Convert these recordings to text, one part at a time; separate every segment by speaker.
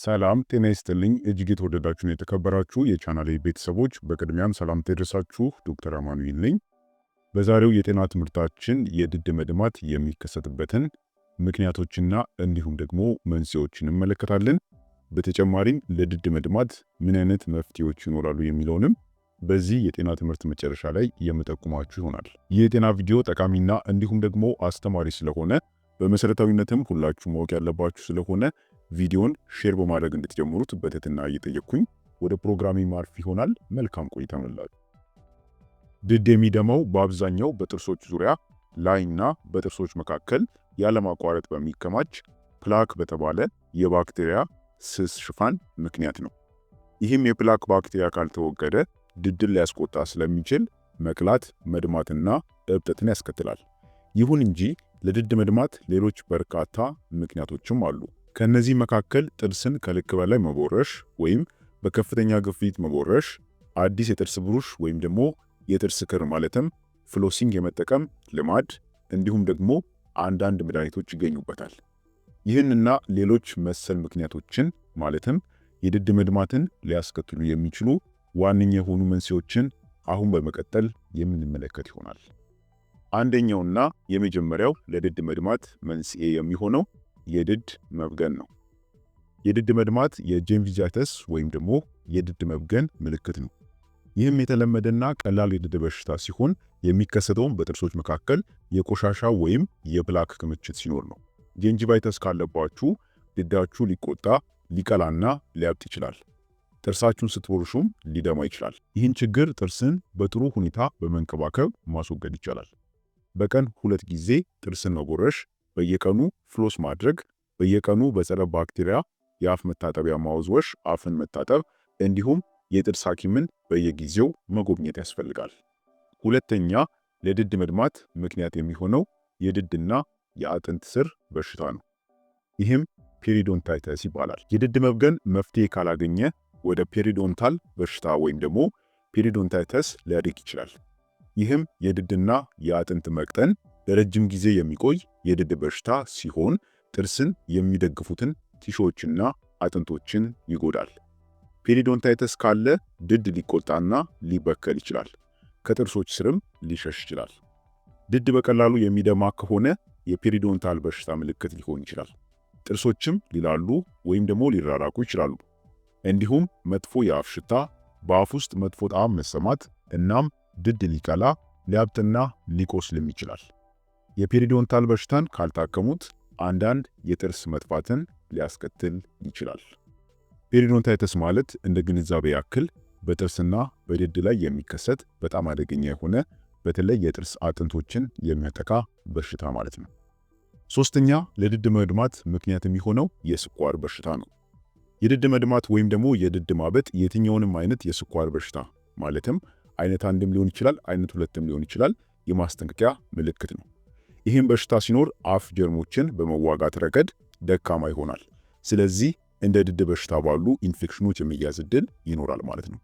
Speaker 1: ሰላም ጤና ይስጥልኝ። እጅግ የተወደዳችሁን የተከበራችሁ የቻናሌ ቤተሰቦች በቅድሚያም ሰላም ይድረሳችሁ። ዶክተር አማኑኤል ነኝ። በዛሬው የጤና ትምህርታችን የድድ መድማት የሚከሰትበትን ምክንያቶችና እንዲሁም ደግሞ መንስኤዎችን እንመለከታለን። በተጨማሪም ለድድ መድማት ምን አይነት መፍትሄዎች ይኖራሉ የሚለውንም በዚህ የጤና ትምህርት መጨረሻ ላይ የምጠቁማችሁ ይሆናል። ይህ የጤና ቪዲዮ ጠቃሚና እንዲሁም ደግሞ አስተማሪ ስለሆነ በመሰረታዊነትም ሁላችሁ ማወቅ ያለባችሁ ስለሆነ ቪዲዮን ሼር በማድረግ እንድትጀምሩት በትህትና እየጠየቅኩኝ ወደ ፕሮግራሚ ማርፍ ይሆናል። መልካም ቆይታ ይሁንላችሁ። ድድ የሚደማው በአብዛኛው በጥርሶች ዙሪያ ላይና በጥርሶች መካከል ያለማቋረጥ በሚከማች ፕላክ በተባለ የባክቴሪያ ስስ ሽፋን ምክንያት ነው። ይህም የፕላክ ባክቴሪያ ካልተወገደ ድድን ሊያስቆጣ ስለሚችል መቅላት፣ መድማትና እብጠትን ያስከትላል። ይሁን እንጂ ለድድ መድማት ሌሎች በርካታ ምክንያቶችም አሉ። ከእነዚህ መካከል ጥርስን ከልክ በላይ መቦረሽ ወይም በከፍተኛ ግፊት መቦረሽ፣ አዲስ የጥርስ ብሩሽ ወይም ደግሞ የጥርስ ክር ማለትም ፍሎሲንግ የመጠቀም ልማድ እንዲሁም ደግሞ አንዳንድ መድኃኒቶች ይገኙበታል። ይህንና ሌሎች መሰል ምክንያቶችን ማለትም የድድ መድማትን ሊያስከትሉ የሚችሉ ዋነኛ የሆኑ መንስኤዎችን አሁን በመቀጠል የምንመለከት ይሆናል። አንደኛውና የመጀመሪያው ለድድ መድማት መንስኤ የሚሆነው የድድ መብገን ነው። የድድ መድማት የጀንጂቫይተስ ወይም ደግሞ የድድ መብገን ምልክት ነው። ይህም የተለመደና ቀላል የድድ በሽታ ሲሆን የሚከሰተውም በጥርሶች መካከል የቆሻሻ ወይም የፕላክ ክምችት ሲኖር ነው። ጀንጂቫይተስ ካለባችሁ ድዳችሁ ሊቆጣ ሊቀላና ሊያብጥ ይችላል። ጥርሳችሁን ስትቦርሹም ሊደማ ይችላል። ይህን ችግር ጥርስን በጥሩ ሁኔታ በመንከባከብ ማስወገድ ይቻላል። በቀን ሁለት ጊዜ ጥርስን መቦረሽ በየቀኑ ፍሎስ ማድረግ፣ በየቀኑ በጸረ ባክቴሪያ የአፍ መታጠቢያ ማውዝወሽ አፍን መታጠብ እንዲሁም የጥርስ ሐኪምን በየጊዜው መጎብኘት ያስፈልጋል። ሁለተኛ ለድድ መድማት ምክንያት የሚሆነው የድድና የአጥንት ስር በሽታ ነው። ይህም ፔሪዶንታይተስ ይባላል። የድድ መብገን መፍትሄ ካላገኘ ወደ ፔሪዶንታል በሽታ ወይም ደግሞ ፔሪዶንታይተስ ሊያድግ ይችላል። ይህም የድድና የአጥንት መቅጠን ለረጅም ጊዜ የሚቆይ የድድ በሽታ ሲሆን ጥርስን የሚደግፉትን ቲሾችና አጥንቶችን ይጎዳል። ፔሪዶንታይተስ ካለ ድድ ሊቆጣና ሊበከል ይችላል። ከጥርሶች ስርም ሊሸሽ ይችላል። ድድ በቀላሉ የሚደማ ከሆነ የፔሪዶንታል በሽታ ምልክት ሊሆን ይችላል። ጥርሶችም ሊላሉ ወይም ደግሞ ሊራራቁ ይችላሉ። እንዲሁም መጥፎ የአፍ ሽታ፣ በአፍ ውስጥ መጥፎ ጣዕም መሰማት፣ እናም ድድ ሊቀላ ሊያብጥና ሊቆስልም ይችላል። የፔሪዶንታል በሽታን ካልታከሙት አንዳንድ የጥርስ መጥፋትን ሊያስከትል ይችላል። ፔሪዶንታይተስ ማለት እንደ ግንዛቤ ያክል በጥርስና በድድ ላይ የሚከሰት በጣም አደገኛ የሆነ በተለይ የጥርስ አጥንቶችን የሚያጠቃ በሽታ ማለት ነው። ሶስተኛ ለድድ መድማት ምክንያት የሚሆነው የስኳር በሽታ ነው። የድድ መድማት ወይም ደግሞ የድድ ማበጥ የትኛውንም አይነት የስኳር በሽታ ማለትም አይነት አንድም ሊሆን ይችላል፣ አይነት ሁለትም ሊሆን ይችላል የማስጠንቀቂያ ምልክት ነው። ይህም በሽታ ሲኖር አፍ ጀርሞችን በመዋጋት ረገድ ደካማ ይሆናል። ስለዚህ እንደ ድድ በሽታ ባሉ ኢንፌክሽኖች የመያዝ እድል ይኖራል ማለት ነው።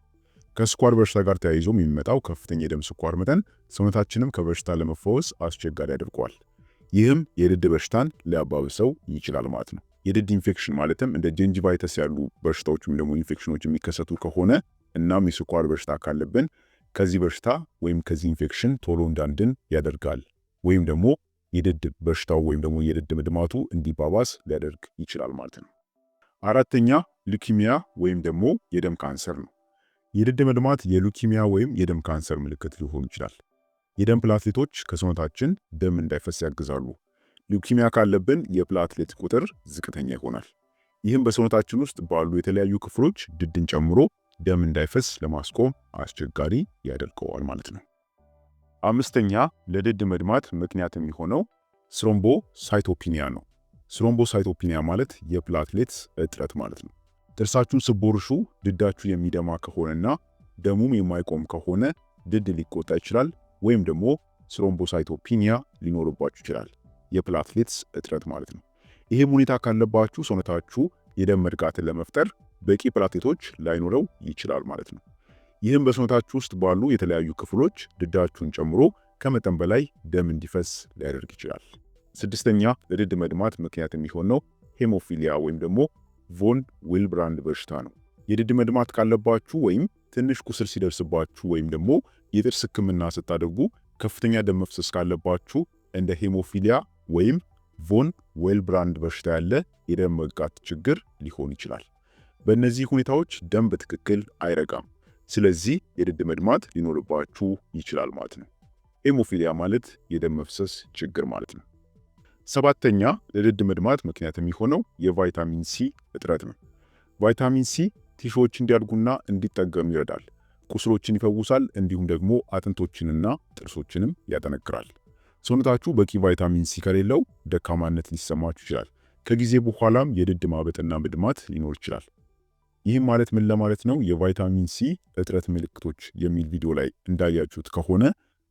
Speaker 1: ከስኳር በሽታ ጋር ተያይዞም የሚመጣው ከፍተኛ የደም ስኳር መጠን ሰውነታችንም ከበሽታ ለመፈወስ አስቸጋሪ ያደርገዋል። ይህም የድድ በሽታን ሊያባብሰው ይችላል ማለት ነው። የድድ ኢንፌክሽን ማለትም እንደ ጀንጂቫይተስ ያሉ በሽታዎች ወይም ደግሞ ኢንፌክሽኖች የሚከሰቱ ከሆነ እናም የስኳር በሽታ ካለብን ከዚህ በሽታ ወይም ከዚህ ኢንፌክሽን ቶሎ እንዳንድን ያደርጋል ወይም ደግሞ የድድ በሽታው ወይም ደግሞ የድድ ምድማቱ እንዲባባስ ሊያደርግ ይችላል ማለት ነው። አራተኛ ሉኪሚያ ወይም ደግሞ የደም ካንሰር ነው። የድድ መድማት የሉኪሚያ ወይም የደም ካንሰር ምልክት ሊሆን ይችላል። የደም ፕላትሌቶች ከሰውነታችን ደም እንዳይፈስ ያግዛሉ። ሉኪሚያ ካለብን የፕላትሌት ቁጥር ዝቅተኛ ይሆናል። ይህም በሰውነታችን ውስጥ ባሉ የተለያዩ ክፍሎች ድድን ጨምሮ ደም እንዳይፈስ ለማስቆም አስቸጋሪ ያደርገዋል ማለት ነው። አምስተኛ ለድድ መድማት ምክንያት የሚሆነው ስሮምቦ ሳይቶፒኒያ ነው። ስሮምቦ ሳይቶፒኒያ ማለት የፕላትሌትስ እጥረት ማለት ነው። ጥርሳችሁን ስቦርሹ ድዳችሁ የሚደማ ከሆነና ደሙም የማይቆም ከሆነ ድድ ሊቆጣ ይችላል ወይም ደግሞ ስሮምቦሳይቶፒኒያ ሊኖርባችሁ ይችላል። የፕላትሌትስ እጥረት ማለት ነው። ይህም ሁኔታ ካለባችሁ ሰውነታችሁ የደም መድጋትን ለመፍጠር በቂ ፕላትሌቶች ላይኖረው ይችላል ማለት ነው። ይህም በሰውነታችሁ ውስጥ ባሉ የተለያዩ ክፍሎች ድዳችሁን ጨምሮ ከመጠን በላይ ደም እንዲፈስ ሊያደርግ ይችላል። ስድስተኛ ለድድ መድማት ምክንያት የሚሆነው ሄሞፊሊያ ወይም ደግሞ ቮን ዊልብራንድ በሽታ ነው። የድድ መድማት ካለባችሁ ወይም ትንሽ ቁስል ሲደርስባችሁ ወይም ደግሞ የጥርስ ሕክምና ስታደርጉ ከፍተኛ ደም መፍሰስ ካለባችሁ እንደ ሄሞፊሊያ ወይም ቮን ዌልብራንድ በሽታ ያለ የደም መጋት ችግር ሊሆን ይችላል። በእነዚህ ሁኔታዎች ደም በትክክል አይረጋም። ስለዚህ የድድ መድማት ሊኖርባችሁ ይችላል ማለት ነው። ሄሞፊሊያ ማለት የደም መፍሰስ ችግር ማለት ነው። ሰባተኛ ለድድ መድማት ምክንያት የሚሆነው የቫይታሚን ሲ እጥረት ነው። ቫይታሚን ሲ ቲሾዎች እንዲያድጉና እንዲጠገኑ ይረዳል፣ ቁስሎችን ይፈውሳል፣ እንዲሁም ደግሞ አጥንቶችንና ጥርሶችንም ያጠነክራል። ሰውነታችሁ በቂ ቫይታሚን ሲ ከሌለው ደካማነት ሊሰማችሁ ይችላል። ከጊዜ በኋላም የድድ ማበጥና መድማት ሊኖር ይችላል። ይህም ማለት ምን ለማለት ነው? የቫይታሚን ሲ እጥረት ምልክቶች የሚል ቪዲዮ ላይ እንዳያችሁት ከሆነ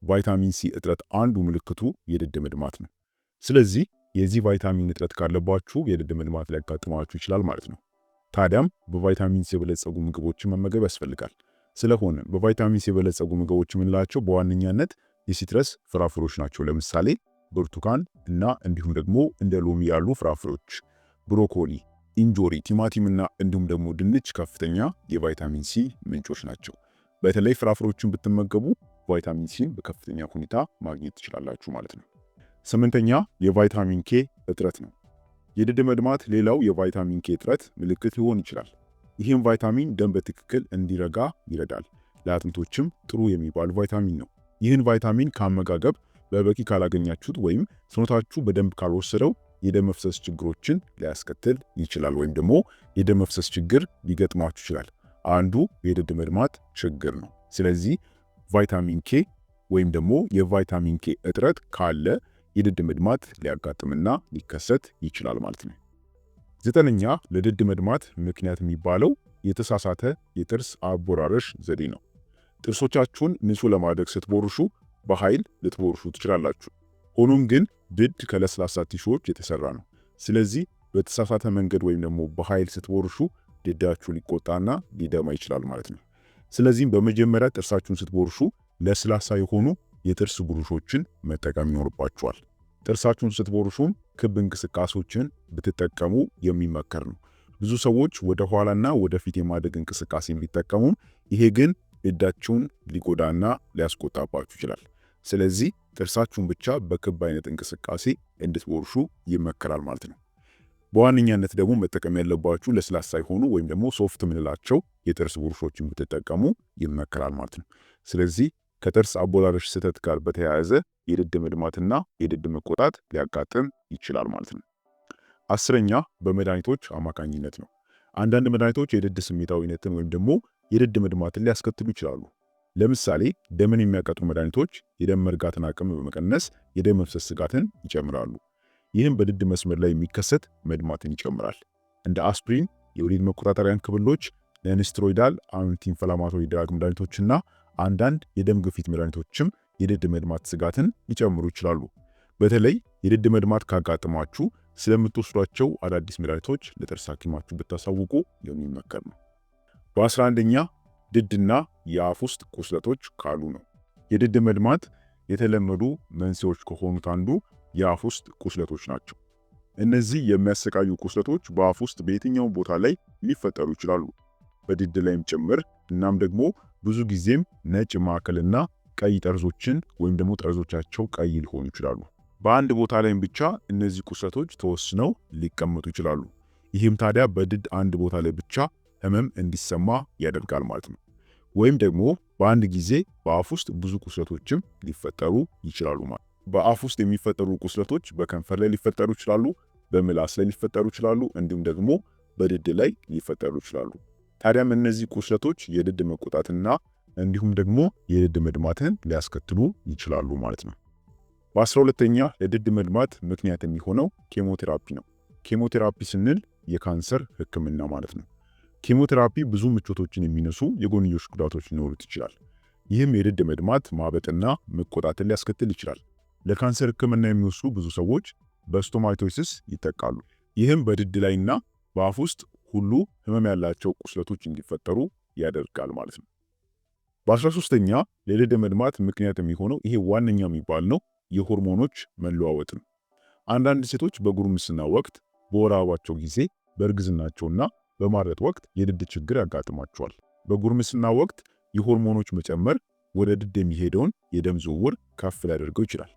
Speaker 1: ቫይታሚን ሲ እጥረት አንዱ ምልክቱ የድድ ምድማት ነው። ስለዚህ የዚህ ቫይታሚን እጥረት ካለባችሁ የድድ ምድማት ሊያጋጥማችሁ ይችላል ማለት ነው። ታዲያም በቫይታሚን ሲ የበለጸጉ ምግቦችን መመገብ ያስፈልጋል። ስለሆነ በቫይታሚን ሲ የበለጸጉ ምግቦች የምንላቸው በዋነኛነት የሲትረስ ፍራፍሬዎች ናቸው። ለምሳሌ ብርቱካን እና እንዲሁም ደግሞ እንደ ሎሚ ያሉ ፍራፍሬዎች፣ ብሮኮሊ እንጆሪ፣ ቲማቲምና እንዲሁም ደግሞ ድንች ከፍተኛ የቫይታሚን ሲ ምንጮች ናቸው። በተለይ ፍራፍሬዎችን ብትመገቡ ቫይታሚን ሲን በከፍተኛ ሁኔታ ማግኘት ትችላላችሁ ማለት ነው። ስምንተኛ የቫይታሚን ኬ እጥረት ነው። የድድ መድማት ሌላው የቫይታሚን ኬ እጥረት ምልክት ሊሆን ይችላል። ይህም ቫይታሚን ደም በትክክል እንዲረጋ ይረዳል። ለአጥንቶችም ጥሩ የሚባል ቫይታሚን ነው። ይህን ቫይታሚን ከአመጋገብ በበቂ ካላገኛችሁት ወይም ሰውነታችሁ በደንብ ካልወሰደው የደም መፍሰስ ችግሮችን ሊያስከትል ይችላል፣ ወይም ደግሞ የደም መፍሰስ ችግር ሊገጥማችሁ ይችላል። አንዱ የድድ መድማት ችግር ነው። ስለዚህ ቫይታሚን ኬ ወይም ደግሞ የቫይታሚን ኬ እጥረት ካለ የድድ መድማት ሊያጋጥምና ሊከሰት ይችላል ማለት ነው። ዘጠነኛ ለድድ መድማት ምክንያት የሚባለው የተሳሳተ የጥርስ አቦራረሽ ዘዴ ነው። ጥርሶቻችሁን ንጹህ ለማድረግ ስትቦርሹ በኃይል ልትቦርሹ ትችላላችሁ። ሆኖም ግን ድድ ከለስላሳ ቲሾዎች የተሰራ ነው። ስለዚህ በተሳሳተ መንገድ ወይም ደግሞ በኃይል ስትቦርሹ ድዳችሁ ሊቆጣና ሊደማ ይችላል ማለት ነው። ስለዚህም በመጀመሪያ ጥርሳችሁን ስትቦርሹ ለስላሳ የሆኑ የጥርስ ብሩሾችን መጠቀም ይኖርባችኋል። ጥርሳችሁን ስትቦርሹም ክብ እንቅስቃሴዎችን ብትጠቀሙ የሚመከር ነው። ብዙ ሰዎች ወደ ኋላና ወደፊት የማደግ እንቅስቃሴ ቢጠቀሙም ይሄ ግን ድዳችሁን ሊጎዳና ሊያስቆጣባችሁ ይችላል። ስለዚህ ጥርሳችሁን ብቻ በክብ አይነት እንቅስቃሴ እንድትቦርሹ ይመከራል ማለት ነው። በዋነኛነት ደግሞ መጠቀም ያለባችሁ ለስላሳ የሆኑ ወይም ደግሞ ሶፍት የምንላቸው የጥርስ ቡርሾችን ብትጠቀሙ ይመከራል ማለት ነው። ስለዚህ ከጥርስ አቦላረሽ ስህተት ጋር በተያያዘ የድድ መድማትና የድድ መቆጣት ሊያጋጥም ይችላል ማለት ነው። አስረኛ በመድኃኒቶች አማካኝነት ነው። አንዳንድ መድኃኒቶች የድድ ስሜታዊነትን ወይም ደግሞ የድድ መድማትን ሊያስከትሉ ይችላሉ። ለምሳሌ ደምን የሚያቀጡ መድኃኒቶች የደም መርጋትን አቅም በመቀነስ የደም መፍሰስ ስጋትን ይጨምራሉ። ይህም በድድ መስመር ላይ የሚከሰት መድማትን ይጨምራል። እንደ አስፕሪን፣ የወሊድ መቆጣጠሪያን ክብሎች፣ ለንስትሮይዳል አንቲ ኢንፍላማቶሪ ድራግ መድኃኒቶችና አንዳንድ የደም ግፊት መድኃኒቶችም የድድ መድማት ስጋትን ሊጨምሩ ይችላሉ። በተለይ የድድ መድማት ካጋጥማችሁ ስለምትወስዷቸው አዳዲስ መድኃኒቶች ለጥርስ ሐኪማችሁ ብታሳውቁ የሚመከር ነው። 11 ኛ ድድና የአፍ ውስጥ ቁስለቶች ካሉ ነው። የድድ መድማት የተለመዱ መንስኤዎች ከሆኑት አንዱ የአፍ ውስጥ ቁስለቶች ናቸው። እነዚህ የሚያሰቃዩ ቁስለቶች በአፍ ውስጥ በየትኛውም ቦታ ላይ ሊፈጠሩ ይችላሉ፣ በድድ ላይም ጭምር። እናም ደግሞ ብዙ ጊዜም ነጭ ማዕከልና ቀይ ጠርዞችን ወይም ደግሞ ጠርዞቻቸው ቀይ ሊሆኑ ይችላሉ። በአንድ ቦታ ላይም ብቻ እነዚህ ቁስለቶች ተወስነው ሊቀመጡ ይችላሉ። ይህም ታዲያ በድድ አንድ ቦታ ላይ ብቻ ህመም እንዲሰማ ያደርጋል ማለት ነው። ወይም ደግሞ በአንድ ጊዜ በአፍ ውስጥ ብዙ ቁስለቶችም ሊፈጠሩ ይችላሉ ማለት ነው። በአፍ ውስጥ የሚፈጠሩ ቁስለቶች በከንፈር ላይ ሊፈጠሩ ይችላሉ፣ በምላስ ላይ ሊፈጠሩ ይችላሉ፣ እንዲሁም ደግሞ በድድ ላይ ሊፈጠሩ ይችላሉ። ታዲያም እነዚህ ቁስለቶች የድድ መቆጣትና እንዲሁም ደግሞ የድድ መድማትን ሊያስከትሉ ይችላሉ ማለት ነው። በአስራ ሁለተኛ ለድድ መድማት ምክንያት የሚሆነው ኬሞቴራፒ ነው። ኬሞቴራፒ ስንል የካንሰር ህክምና ማለት ነው። ኬሞቴራፒ ብዙ ምቾቶችን የሚነሱ የጎንዮሽ ጉዳቶች ሊኖሩት ይችላል። ይህም የድድ መድማት፣ ማበጥና መቆጣትን ሊያስከትል ይችላል። ለካንሰር ህክምና የሚወስዱ ብዙ ሰዎች በስቶማይቶሲስ ይጠቃሉ። ይህም በድድ ላይና በአፍ ውስጥ ሁሉ ህመም ያላቸው ቁስለቶች እንዲፈጠሩ ያደርጋል ማለት ነው። በ13ተኛ ለድድ መድማት ምክንያት የሚሆነው ይሄ ዋነኛ የሚባል ነው የሆርሞኖች መለዋወጥ ነው። አንዳንድ ሴቶች በጉርምስና ወቅት፣ በወር አበባቸው ጊዜ፣ በእርግዝናቸውና በማረጥ ወቅት የድድ ችግር ያጋጥማቸዋል። በጉርምስና ወቅት የሆርሞኖች መጨመር ወደ ድድ የሚሄደውን የደም ዝውውር ከፍ ሊያደርገው ይችላል።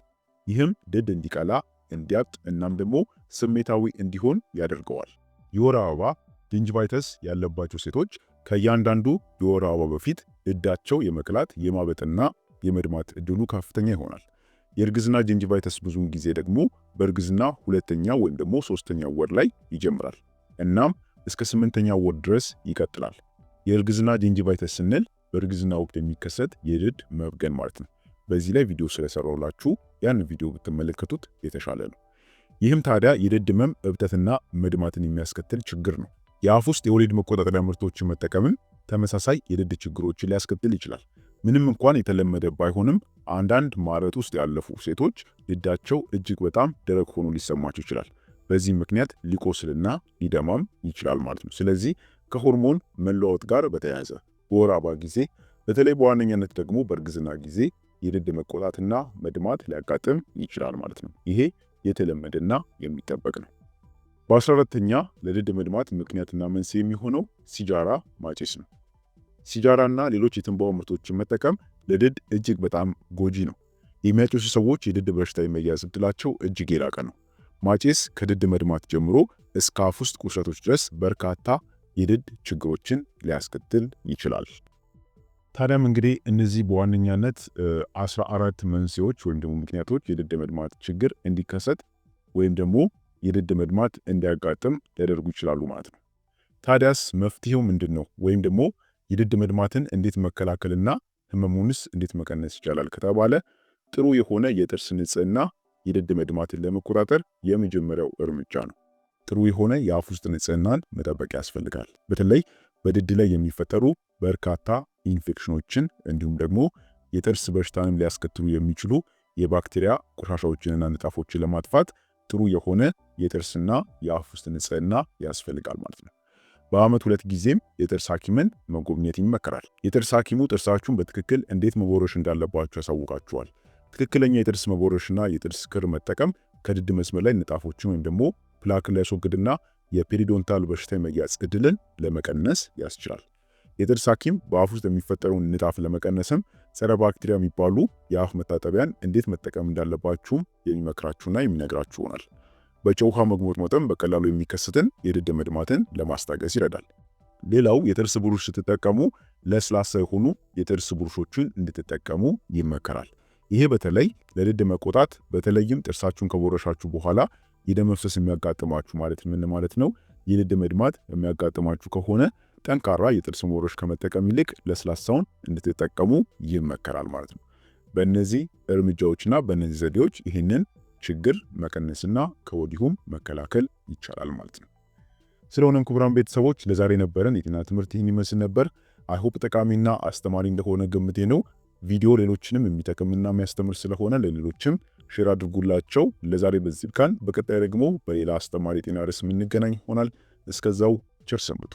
Speaker 1: ይህም ድድ እንዲቀላ፣ እንዲያብጥ እናም ደግሞ ስሜታዊ እንዲሆን ያደርገዋል። የወር አበባ ጂንጂቫይተስ ያለባቸው ሴቶች ከእያንዳንዱ የወር አበባ በፊት ድዳቸው የመቅላት የማበጥና የመድማት እድሉ ከፍተኛ ይሆናል። የእርግዝና ጂንጂቫይተስ ብዙውን ጊዜ ደግሞ በእርግዝና ሁለተኛ ወይም ደግሞ ሶስተኛ ወር ላይ ይጀምራል እናም እስከ ስምንተኛ ወር ድረስ ይቀጥላል። የእርግዝና ጂንጂቫይተስ ስንል በእርግዝና ወቅት የሚከሰት የድድ መብገን ማለት ነው። በዚህ ላይ ቪዲዮ ስለሰራሁላችሁ ያን ቪዲዮ ብትመለከቱት የተሻለ ነው። ይህም ታዲያ የድድ ህመም እብጠትና መድማትን የሚያስከትል ችግር ነው። የአፍ ውስጥ የወሊድ መቆጣጠሪያ ምርቶችን መጠቀምም ተመሳሳይ የድድ ችግሮችን ሊያስከትል ይችላል። ምንም እንኳን የተለመደ ባይሆንም አንዳንድ ማረጥ ውስጥ ያለፉ ሴቶች ድዳቸው እጅግ በጣም ደረቅ ሆኖ ሊሰማቸው ይችላል። በዚህ ምክንያት ሊቆስልና ሊደማም ይችላል ማለት ነው። ስለዚህ ከሆርሞን መለዋወጥ ጋር በተያያዘ በወር አበባ ጊዜ በተለይ በዋነኛነት ደግሞ በእርግዝና ጊዜ የድድ መቆጣትና መድማት ሊያጋጥም ይችላል ማለት ነው። ይሄ የተለመደና የሚጠበቅ ነው። በአስራ አራተኛ ለድድ መድማት ምክንያትና መንስኤ የሚሆነው ሲጃራ ማጨስ ነው። ሲጃራና ሌሎች የትንባሆ ምርቶችን መጠቀም ለድድ እጅግ በጣም ጎጂ ነው። የሚያጨሱ ሰዎች የድድ በሽታ የመያዝ እድላቸው እጅግ የላቀ ነው። ማጭስ ከድድ መድማት ጀምሮ እስከ አፍ ውስጥ ቁስለቶች ድረስ በርካታ የድድ ችግሮችን ሊያስከትል ይችላል። ታዲያም እንግዲህ እነዚህ በዋነኛነት 14 መንስኤዎች ወይም ደግሞ ምክንያቶች የድድ መድማት ችግር እንዲከሰት ወይም ደግሞ የድድ መድማት እንዲያጋጥም ሊያደርጉ ይችላሉ ማለት ነው። ታዲያስ መፍትሄው ምንድን ነው? ወይም ደግሞ የድድ መድማትን እንዴት መከላከልና ህመሙንስ እንዴት መቀነስ ይቻላል ከተባለ ጥሩ የሆነ የጥርስ ንጽህና የድድ መድማትን ለመቆጣጠር የመጀመሪያው እርምጃ ነው። ጥሩ የሆነ የአፍ ውስጥ ንጽህናን መጠበቅ ያስፈልጋል። በተለይ በድድ ላይ የሚፈጠሩ በርካታ ኢንፌክሽኖችን እንዲሁም ደግሞ የጥርስ በሽታንም ሊያስከትሉ የሚችሉ የባክቴሪያ ቆሻሻዎችንና ንጣፎችን ለማጥፋት ጥሩ የሆነ የጥርስና የአፍ ውስጥ ንጽህና ያስፈልጋል ማለት ነው። በዓመት ሁለት ጊዜም የጥርስ ሐኪምን መጎብኘት ይመከራል። የጥርስ ሐኪሙ ጥርሳችሁን በትክክል እንዴት መቦረሽ እንዳለባችሁ ያሳውቃችኋል። ትክክለኛ የጥርስ መቦረሽና የጥርስ ክር መጠቀም ከድድ መስመር ላይ ንጣፎችን ወይም ደግሞ ፕላክን ሊያስወግድና የፔሪዶንታል በሽታ የመያዝ እድልን ለመቀነስ ያስችላል። የጥርስ ሐኪም በአፍ ውስጥ የሚፈጠረውን ንጣፍ ለመቀነስም ጸረ ባክቴሪያ የሚባሉ የአፍ መታጠቢያን እንዴት መጠቀም እንዳለባችሁም የሚመክራችሁና የሚነግራችሁ ይሆናል። በጨው ውሃ መጠን በቀላሉ የሚከሰትን የድድ መድማትን ለማስታገስ ይረዳል። ሌላው የጥርስ ብሩሽ ስትጠቀሙ ለስላሳ የሆኑ የጥርስ ብሩሾችን እንድትጠቀሙ ይመከራል። ይሄ በተለይ ለድድ መቆጣት በተለይም ጥርሳችሁን ከቦረሻችሁ በኋላ የደም መፍሰስ የሚያጋጥማችሁ ማለት ምን ማለት ነው? የድድ መድማት የሚያጋጥማችሁ ከሆነ ጠንካራ የጥርስ ቦረሽ ከመጠቀም ይልቅ ለስላሳውን እንድትጠቀሙ ይመከራል ማለት ነው። በእነዚህ እርምጃዎችና በእነዚህ ዘዴዎች ይህንን ችግር መቀነስና ከወዲሁም መከላከል ይቻላል ማለት ነው። ስለሆነም ክቡራን ቤተሰቦች ለዛሬ ነበረን የጤና ትምህርት ይህን ይመስል ነበር። አይሆፕ ጠቃሚና አስተማሪ እንደሆነ ግምቴ ነው። ቪዲዮ ሌሎችንም የሚጠቅምና የሚያስተምር ስለሆነ ለሌሎችም ሼር አድርጉላቸው። ለዛሬ በዚህ ብቃን። በቀጣይ ደግሞ በሌላ አስተማሪ የጤና ርዕስ የምንገናኝ ይሆናል። እስከዛው ቸር ሰንብቱ።